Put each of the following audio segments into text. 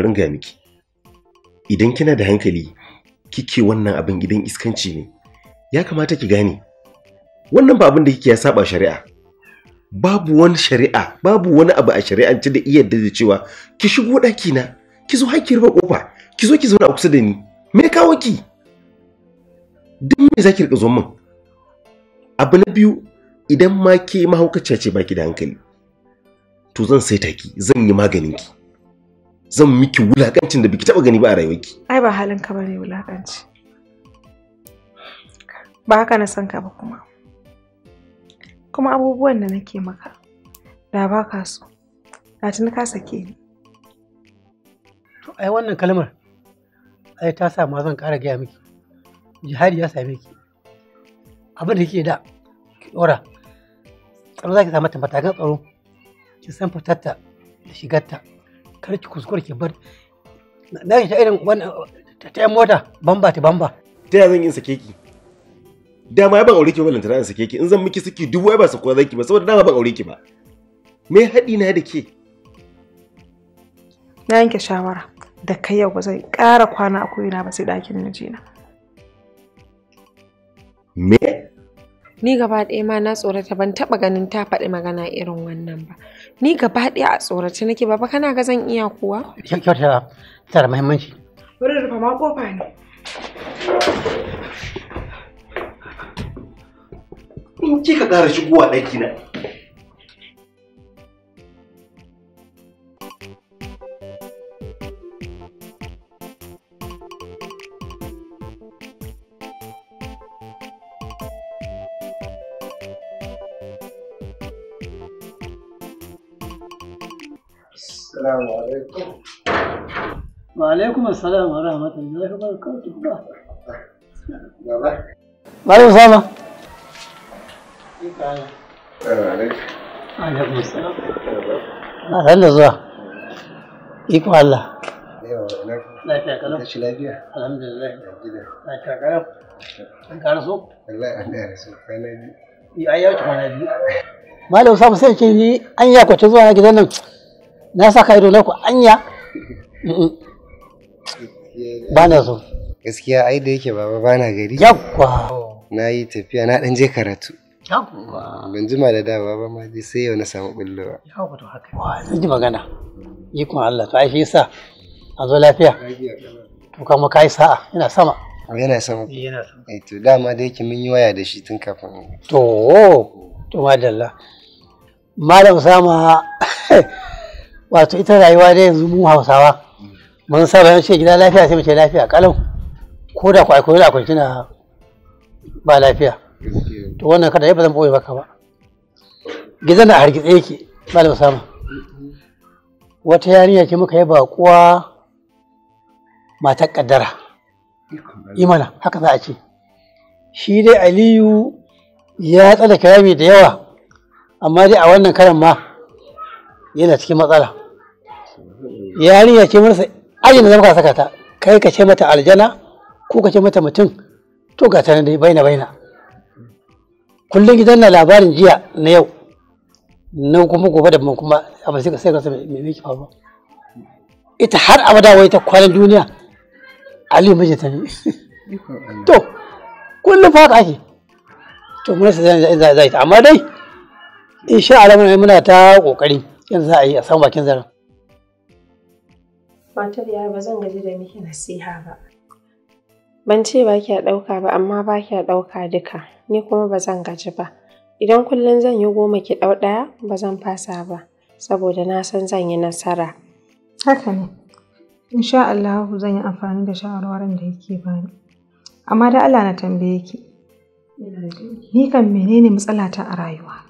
barin ga miki idan kina da hankali kike wannan abin gidan iskanci ne ya kamata ki gane wannan ba abin da kike ya saba shari'a babu wani shari'a babu wani abu a shari'ance da iya da cewa ki shigo ɗaki na ki zo har ki rufe kofa ki zo ki zauna a kusa da ni me kawo ki duk me zaki rika zuwa min abu na biyu idan ma ke mahaukaciya ce baki da hankali to zan saita ki zan yi maganin ki zan miki wulakancin da biki taba gani ba a rayuwarki ai ba halin ka bane wulakanci ba haka na san ka ba kuma kuma abubuwan da nake maka da ba ka so na tuni ka sake ni to ai wannan kalmar ai ta sa ma zan ƙara gaya miki jihadi ya same ki abin da kike da ki dora tsaro za ki samu tsaro ki san fitarta da shigarta karki kuskure ki bar na yi ta irin wani ta mota bamba ta bamba ta yi zan yin sake ki dama ya ban aure ki ba lantana in sake ki in zan miki saki duk wai ba su kuwa ki ba saboda dama ban aure ki ba me haɗi na da ke na yanke shawara da kai yau ba zai ƙara kwana a koyina ba sai ɗakin mijina me ni gaba ɗaya ma na tsorata ban taɓa ganin ta faɗi magana irin wannan ba ni gaba ɗaya a tsorace nake baba kana ga zan iya kuwa kyauta da muhimmanci bari rufa ma kofa ne in kika ƙara shigowa ɗaki na Assalamu alaikum. Wa alaikum assalam wa rahmatullahi wa barakatuh. Baba. Bari Alaikum assalam. Alhamdulillah. Iko Allah. Lafiya kalau. Lafiya. Alhamdulillah. Lafiya kalau. An so? an yi zuwa gidan nan. na sa ka ido na ku anya ba na so gaskiya ai da yake baba ba na gari yakwa na yi tafiya na dan je karatu yawwa ban jima da da baba ma je sai yau na samu billowa yakwa to haka wa zan ji magana kuma Allah to ai shi yasa a zo lafiya to kuma kai sa'a ina sama yana sama yana sama eh, eh, to dama da yake mun yi waya da shi tun kafin to to madalla malam sama wato ita rayuwa da yanzu mu hausawa mun saba ran ce gida lafiya sai mace lafiya kalau ko da ku aiko da akwai na ba lafiya to wannan kada ba zan boye maka ba gidan na hargitse yake malam sama wata yarinya ce muka yi baƙuwa matar kaddara imana haka za a ce shi dai aliyu ya tsada kirami da yawa amma dai a wannan karan ma yana cikin matsala yarinya ce masa, ajin da zama ka saka ta kai ka ce mata aljana ko ka ce mata mutum to ga ta dai baina baina kullum gidan na labarin jiya na yau na kuma gobe da mun kuma amma sai ka sai ka me me ki ita har abada wai ta kwalin duniya Ali mijinta ne to kullum fa ake to mun sai zai zai ta amma dai insha Allah muna ta kokari yanzu za a yi a san bakin zaran Matar yaya ba zan gaji da miki nasiha ba. Ban ce ba kya ɗauka ba amma ba kya ɗauka duka, ni kuma ba zan gaji ba. Idan kullum zan yi goma ki ɗau ɗaya ba zan fasa ba, saboda na san zan yi nasara. Haka ne, insha Allah zan yi amfani da shawarwarin da yake bani. Amma da Allah na tambaye ki, ni kan menene matsalata a rayuwa?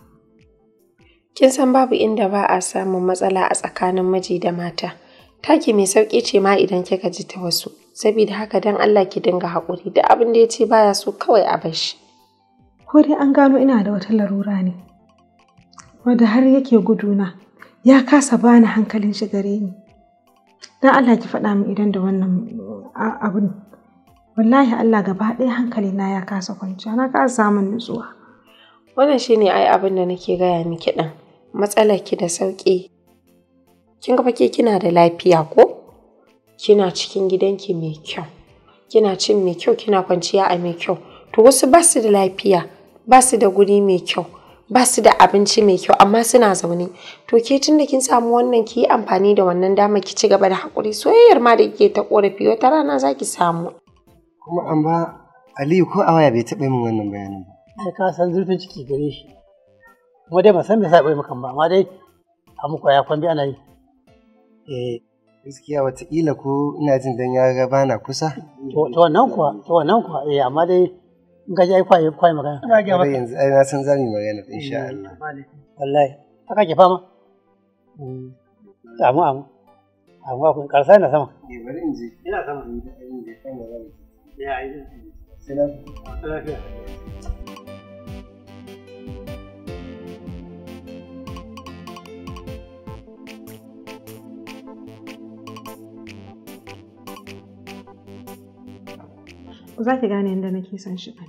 Kin san babu inda ba a samun matsala a tsakanin miji da mata. Taki mai sauƙi ce ma idan kika ji ta wasu, saboda haka don Allah ki dinga haƙuri da abin da ya ce baya so kawai a bar shi. Ko dai an gano ina da wata larura ne, wadda har yake guduna ya kasa bani hankalin shi gare ni. Don Allah ki faɗa min idan da wannan abin. Wallahi Allah gaba ɗaya hankali na ya kasa kwanciya, na kasa samun nutsuwa. Wannan shine ai abin da nake gaya miki ɗan, matsalar ki da sauƙi kin ga fake kina da lafiya ko kina cikin gidanki mai kyau kina cin mai kyau kina kwanciya a mai kyau to wasu ba su da lafiya ba su da guri mai kyau ba su da abinci mai kyau amma suna zaune to ke tun da kin samu wannan ki yi amfani da wannan dama ki ci gaba da haƙuri soyayyar ma da kike ta ƙorafi wata rana za ki samu kuma an ba aliyu ko a waya bai taɓa min wannan bayanin ba ai ka san zurfin ciki gare shi kuma dai ban san me sa bai maka ba amma dai a muku ya kwambi ana yi eh gaskiya wataƙila ko ina jin dan ya ga bana kusa to wannan kuwa to wannan kuwa eh amma dai in ka ji ai kwai kwai magana ina ga yanzu ai na san zamu magana insha eh, Allah wallahi haka ke fama amma amma amma kun karsa na sama eh bari in je ina sama in kan ya ai sai na lafiya za ki gane yadda nake son shi ba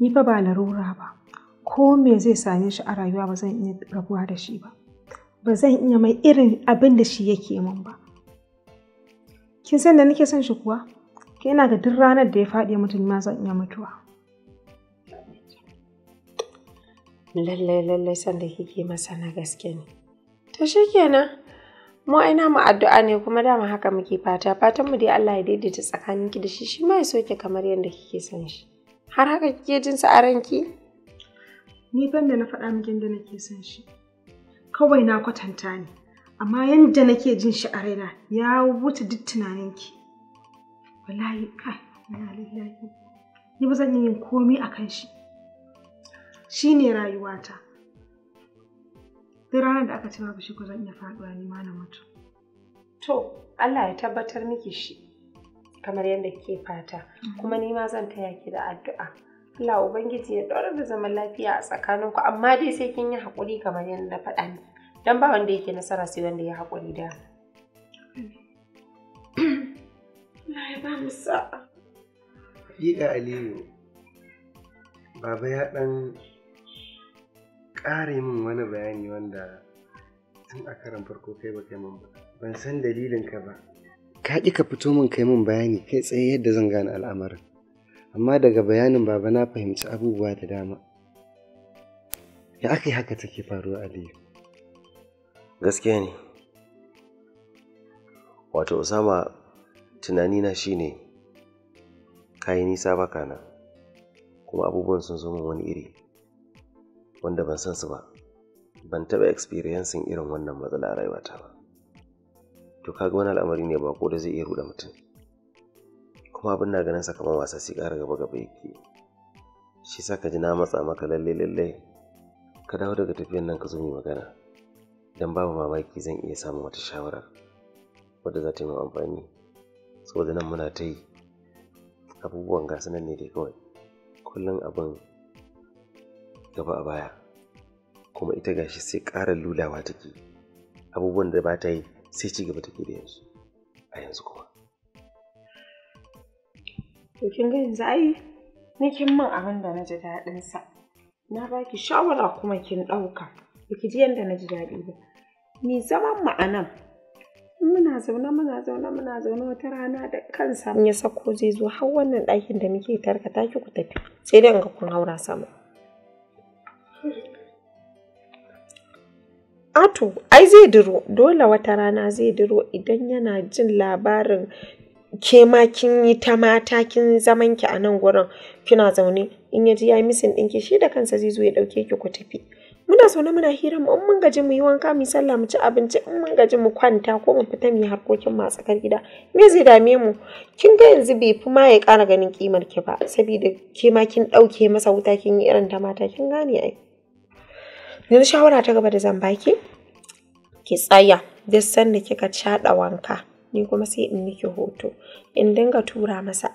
Ni fa ba larura ba, ko me zai same shi a rayuwa ba zan iya rabuwa da shi ba. Ba zan iya mai irin abin da shi yake min ba. Kin san da nake son shi kuwa? Ke yana ga duk ranar da ya faɗi mutum ma zan iya mutuwa. Lallai lallai sanda kike masa na gaske ne. To kenan. mu aina namu addu'a ne kuma dama haka muke fata fatan mu dai Allah ya daidaita tsakaninki da shi shi ma ya soke kamar yadda kike son shi har haka kike jin sa a ranki ni ban da na faɗa miki yadda nake son shi kawai na kwatanta ne amma yadda nake jin shi a raina ya wuce duk tunaninki wallahi ka ina lillahi ni ba zan yi komai akan shi shine rayuwata duk ranar da aka ce babu shi ko zan iya faɗuwa ni ma na mutu to Allah ya tabbatar miki shi kamar yadda ke fata mm. kuma ni ma zan taya ki da addu'a Allah ubangiji ya ɗora da zaman lafiya a tsakaninku amma dai sai kin yi haƙuri kamar yadda na faɗa ni dan ba wanda yake nasara sai wanda ya haƙuri da Allah ya ba mu sa'a da Aliyu, Baba ya ɗan ƙara min wani bayani wanda tun a karan farko kai ba kai min ba ban san dalilin ka ba ka ƙi ka fito min kai min bayani kai tsaye yadda zan gane al'amarin amma daga bayanin baba na fahimci abubuwa da dama ya aka yi haka take faruwa aliyu gaskiya ne wato usama tunanina shine kayi nisa baka na, kuma abubuwan sun zo min wani iri wanda ban san su ba ban taɓa experiencing irin wannan matsala a rayuwata ba to kaga wani al'amari ne ba ko da zai iya ruɗa mutum kuma abin na ganin sakamakon wasa sai ƙara gaba gaba yake shi sa ka ji na matsa maka lalle lalle ka dawo daga tafiyan nan ka zo mai magana dan babu mamaki zan iya samun wata shawara wadda za ta yi amfani saboda nan muna ta yi abubuwan gasa nan ne dai kawai kullum abin gaba a baya kuma ita gashi sai ƙara lulawa take abubuwan da ba ta yi sai ci gaba take da yanzu a yanzu kuma to kin ga yanzu ai ni kin min abin da na ji daɗin sa na baki shawara kuma kin ɗauka baki ji yanda na ji daɗi ba ni zaman mu a nan muna zaune muna zaune muna zaune wata rana da kansa ya sako zai zo har wannan ɗakin da muke tarkata ki ku tafi sai dai in ga kun haura sama ato ah, ai zai duro dole wata rana zai duro idan yana jin labarin ke ma yi ta mata kin zaman ki a nan gurin kina zaune in ya ji ya yi misin ɗinki shi da kansa zai zo ya ɗauke ki ku tafi muna zaune muna hira mu in mun gaji mu yi wanka mu sallah mu ci abinci in mun gaji mu kwanta ko mu fita mu yi harkokin masu kan gida me zai dame mu kin ga yanzu bai fi ma ya ƙara ganin kimar ki ba saboda ke ma kin ɗauke masa wuta kin yi irin ta mata kin gane ai yanzu shawara ta gaba da zan baki ki tsaya duk sanda kika caɗa wanka ni kuma sai in miki hoto in dinga tura masa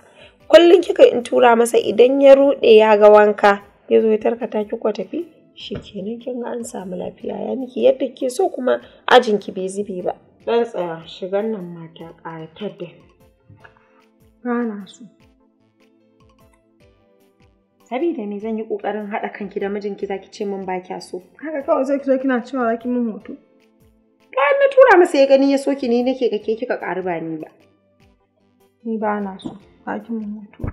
kullum kika in tura masa idan ya rude ya ga wanka ya zo ya tarkata ki kwatafi tafi shikenan kin ga an samu lafiya ya miki yadda ke so kuma ajin ki bai zube ba dan tsaya shigan nan mata ƙayatar da rana su sabida ne zan yi kokarin haɗa kanki da mijinki zaki ce min ba kya so haka kawai zai zo kina cewa zaki min hoto bayan na tura masa ya gani ya soki ni nake ga ke kika ƙaru ba ni ba ni ba na so zaki min hoto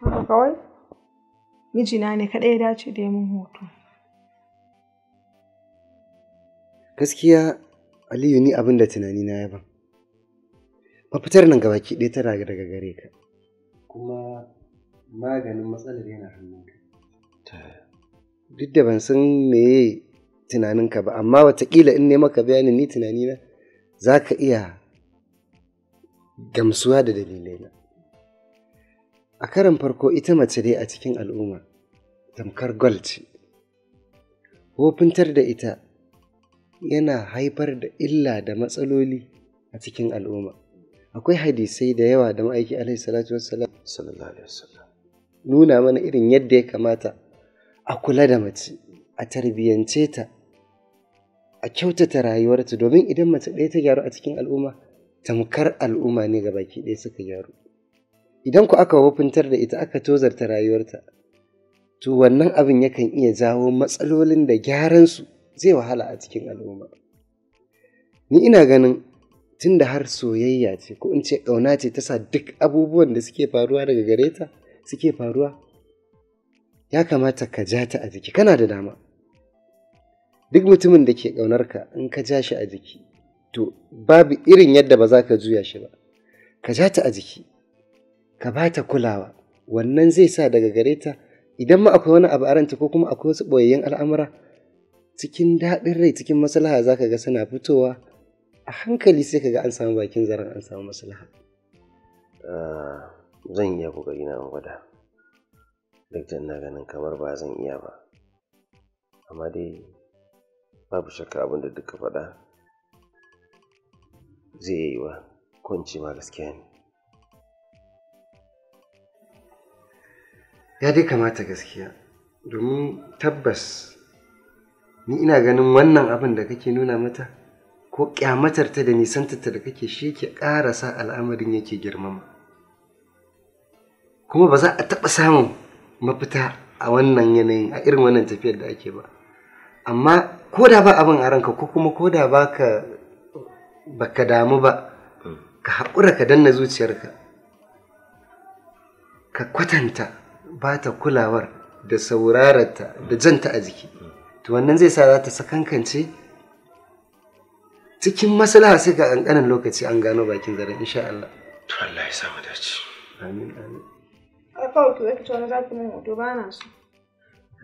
haka kawai mijina ne kaɗai ya dace da min hoto gaskiya aliyu ni abin da tunani na yaba. ba mafitar nan gabaki ɗaya tana daga gare ka kuma maganin matsalar yana hannunka duk da ban san meye tunaninka ba amma watakila in ne maka bayanin ni tunanina za ka iya gamsuwa da dalilai na a karan farko ita mace dai a cikin al'umma tamkar gwal ce wofintar da ita yana haifar da illa da matsaloli a cikin al'umma akwai hadisai da yawa da ma'aiki alaihi salatu wassalam sallallahu alaihi wasallam nuna mana irin yadda ya kamata a kula da mace a tarbiyyance ta a kyautata rayuwarta domin idan mace ɗaya ta gyaru a cikin al'umma tamkar al'umma ne gabaki ɗaya suka gyaru idan ku aka wafintar da ita aka tozarta rayuwarta to wannan abin yakan iya jawo matsalolin da gyaran su zai wahala a cikin al'umma ni ina ganin tunda har soyayya ce ko in ce ƙauna ce ta sa duk abubuwan da suke faruwa daga gare ta suke faruwa ya kamata ka ja ta a jiki kana da dama duk mutumin da ke ƙaunarka in ka ja shi a jiki to babu irin yadda ba za ka juya shi ba ka ja ta a jiki ka ba ta kulawa wannan zai sa daga gare ta idan ma akwai wani abu aranta ko kuma akwai wasu ɓoyayyen al'amura cikin daɗin rai cikin maslaha za ka ga suna fitowa a hankali sai ka ga an samu bakin zaren an samu maslaha ah. zan iya ƙoƙari na gwada duk da ina ganin kamar ba zan iya ba amma dai babu shakka abin da duka faɗa zai yi wa kunci ma gaskiya ne ya dai kamata gaskiya domin tabbas ni ina ganin wannan abin da kake nuna mata ko kyamatar ta da nisantar ta da kake shi ke sa al'amarin yake girmama kuma ba za a taɓa samun mafita a wannan yanayin a irin wannan tafiyar da ake ba amma ko da ba abin a ranka ko kuma ko da ba ka damu ba hmm. ka haƙura ka danna zuciyarka ka kwatanta ba ta kulawar da saurarata da janta a jiki hmm. to wannan zai sa za ta sakankance cikin maslaha sai ga ƙanƙanin lokaci an gano bakin zaren insha to Allah ya sa dace amin amin kawai ki wani hoto ba na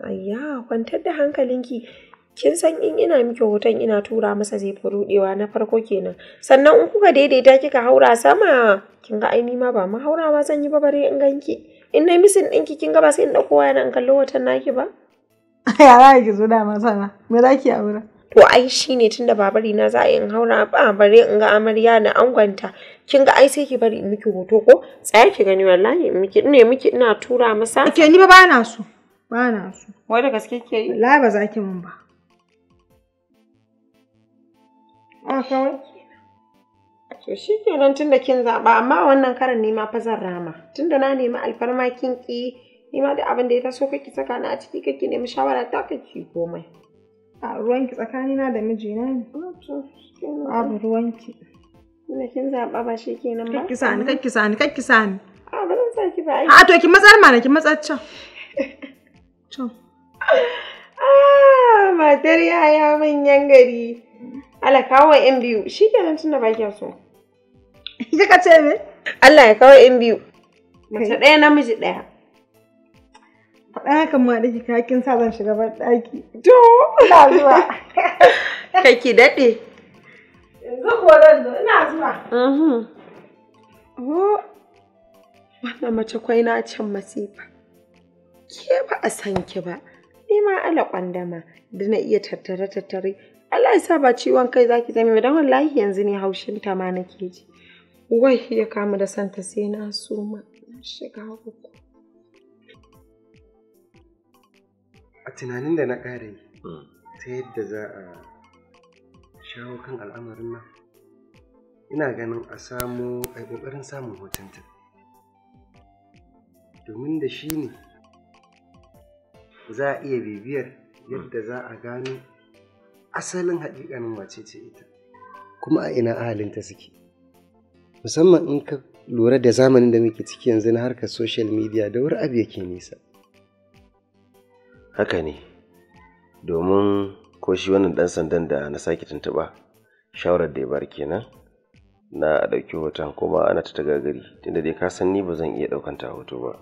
ayya kwantar da hankalinki kin san in ina miki hoton ina tura masa zai fi na farko kenan sannan in kuka daidaita kika haura sama kin ga ai ma ba mahaurawa zan yi ba bare in ganki in na misin ɗinki kin ga ba sai in ɗauko wayana in kallo hoton naki ba ya za ki zo da masana me za ki aura to ai shine tunda ba na za a yin haura ba bare in ga amarya da angwanta kin ga ai sai ki bari in miki hoto ko tsaya ki gani wallahi in miki ne miki ina tura masa ke ni ba bana so bana so wai da gaske ke yi wallahi ba za ki mun ba a kawai to shi ke nan tunda kin zaɓa amma wannan karan nema fa zan rama tunda na nemi alfarma kin ki nima da abin da ya taso kake saka na a ciki kake nemi shawara ta kake komai a ruwanki tsakanina da mijina ne abu ruwanki da kin zaɓa ba shi kenan ba kakkisa sani kakkisa sani kakkisa sani a ba zan sa ki ba a to ki matsar mana ki matsar can to ah matar yaya manyan gari ala kawo yan biyu shi kenan tunda ba kya so kika ce me Allah ya kawo yan biyu mace ɗaya namiji ɗaya Ɗan haka ma da kin sa zan shiga bar ɗaki. To, ina zuwa. Kai ki daɗe. Yanzu kuwa zan zo, ina zuwa. Oh, wannan mace kwai na can masifa. Ke ba a san ki ba. Ni ma ala kwandama da na iya tattare tattare. Allah ya sa ba ciwon kai zaki zame ba don wallahi yanzu ne haushin ta ma nake ji. Wai ya kama da santa sai na suma. Shiga uku. a tunanin da na ƙara hmm. ta yadda za a shawo kan al'amarin nan ina ganin a samu a ƙoƙarin samun ta, domin da shi ne za a iya bibiyar hmm. yadda za a gano asalin haƙiƙanin wace ce ita kuma a ina ahalinta suke musamman in ka lura da zamanin da muke ciki yanzu na harkar social media da wuri abu yake nisa haka ne domin ko shi wannan dan sandan da na sake tuntuɓa shawarar da ya bar kenan na ɗauki hoton kuma ana ta tagagari tunda dai ka san ni ba zan iya ɗaukan ta hoto ba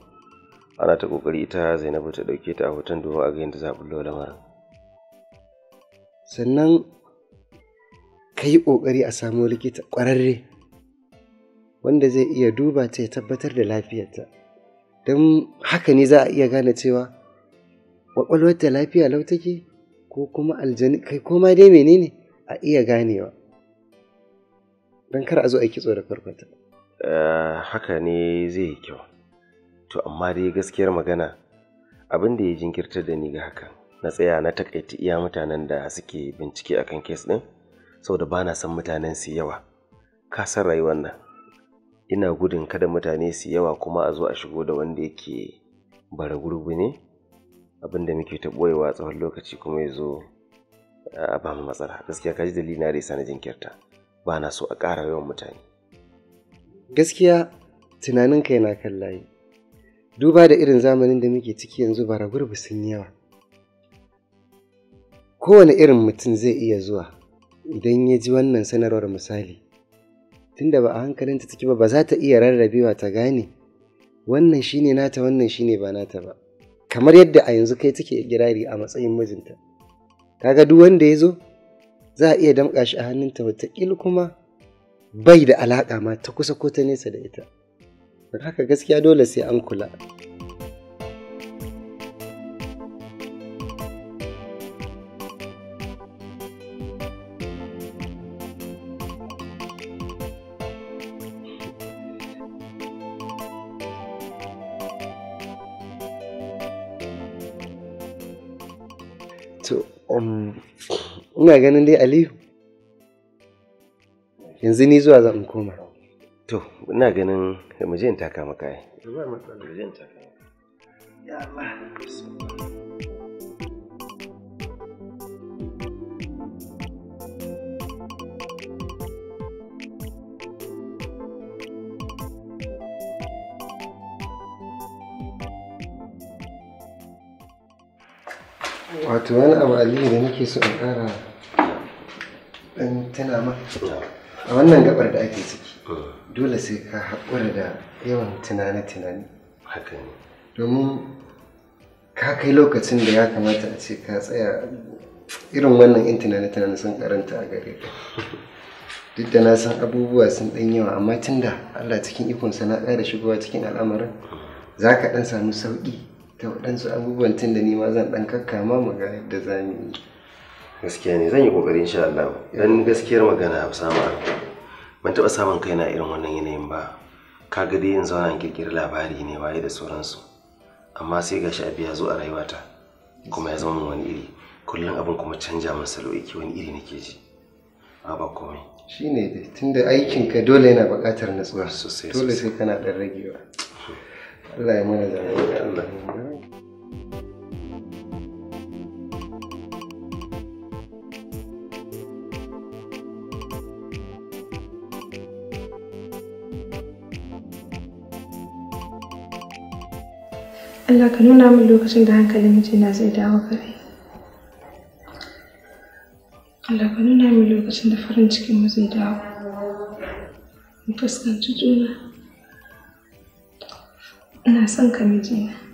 ana ta ƙoƙari ita zainabu ta ɗauke ta a hoton domin a ga yadda za a bullo lamarin sannan kai yi ƙoƙari a samu likita ƙwararre wanda zai iya duba ta ya tabbatar da lafiyarta don haka ne za a iya gane cewa ta lafiya lau take ko kuma aljani kai koma dai menene a iya ganewa don kar a zo a kitso da farkonta eh, haka ne zai yi kyau to amma dai gaskiyar magana abin da ya jinkirtar da ni ga haka na tsaya na takaita iya mutanen da suke bincike akan kes din saboda ba na son mutanen su yawa ka san rayuwar nan ina gudun kada mutane su yawa kuma a zo a shigo da wanda yake bara gurbi ne abin da muke ta boyewa tsawon lokaci kuma ya zo eh, a ba mu matsala gaskiya ka ji na da isa na jinkirta ba na so a ƙara yawan mutane gaskiya tunaninka yana kan layi duba da irin zamanin da muke ciki yanzu bara gurbi sun yawa kowane irin mutum zai iya zuwa idan ya ji wannan sanarwar misali tunda ba a hankalinta ta ba ba za ta iya rarrabewa ta gane wannan shine nata wannan shine ba nata ba kamar yadda a yanzu kai take girari a matsayin mijinta kaga duk wanda ya zo za a iya damƙa shi a hannunta wataƙila kuma bai da alaƙa ma ta kusa ko ta nesa da ita haka gaskiya dole sai an kula. ina ganin dai aliyu yanzu ni zuwa zan koma to ina ganin mu je in taka maka ai ba matsala je in taka ya Allah wato wani abu aliyu da nake so in kara ɗan tana ma a wannan gabar da ake ciki mm. dole sai ka haƙura da yawan tunane-tunane domin ka kai lokacin da ya kamata a ce ka tsaya irin wannan yin tunane-tunane sun karanta a gare ka duk da na san abubuwa sun ɗan yawa amma tun da allah cikin ikon na da shigowa cikin al'amarin mm. za ka ɗan samu sauƙi ta waɗansu abubuwan tun da nima zan ɗan kakkama mu ga yadda za mu yi gaskiya ne zan yi ƙoƙari insha Allah dan gaskiyar magana samu ban taɓa samun kaina irin wannan yanayin ba ga dai yanzu ana in labari ne waye da sauransu amma sai gashi abu ya zo a rayuwata kuma ya zama min wani iri kullum abin kuma canja min salo yake wani iri nake ji amma ba komai shine dai tunda aikin ka dole yana buƙatar natsuwa sosai dole sai kana dan ragewa Allah ya mana da Allah Allah ka nuna min lokacin da hankalin mijina zai dawo gare Allah ka nuna min lokacin da farin cikin mu zai dawo. Mu fuskanci juna. Ina son ka mijina.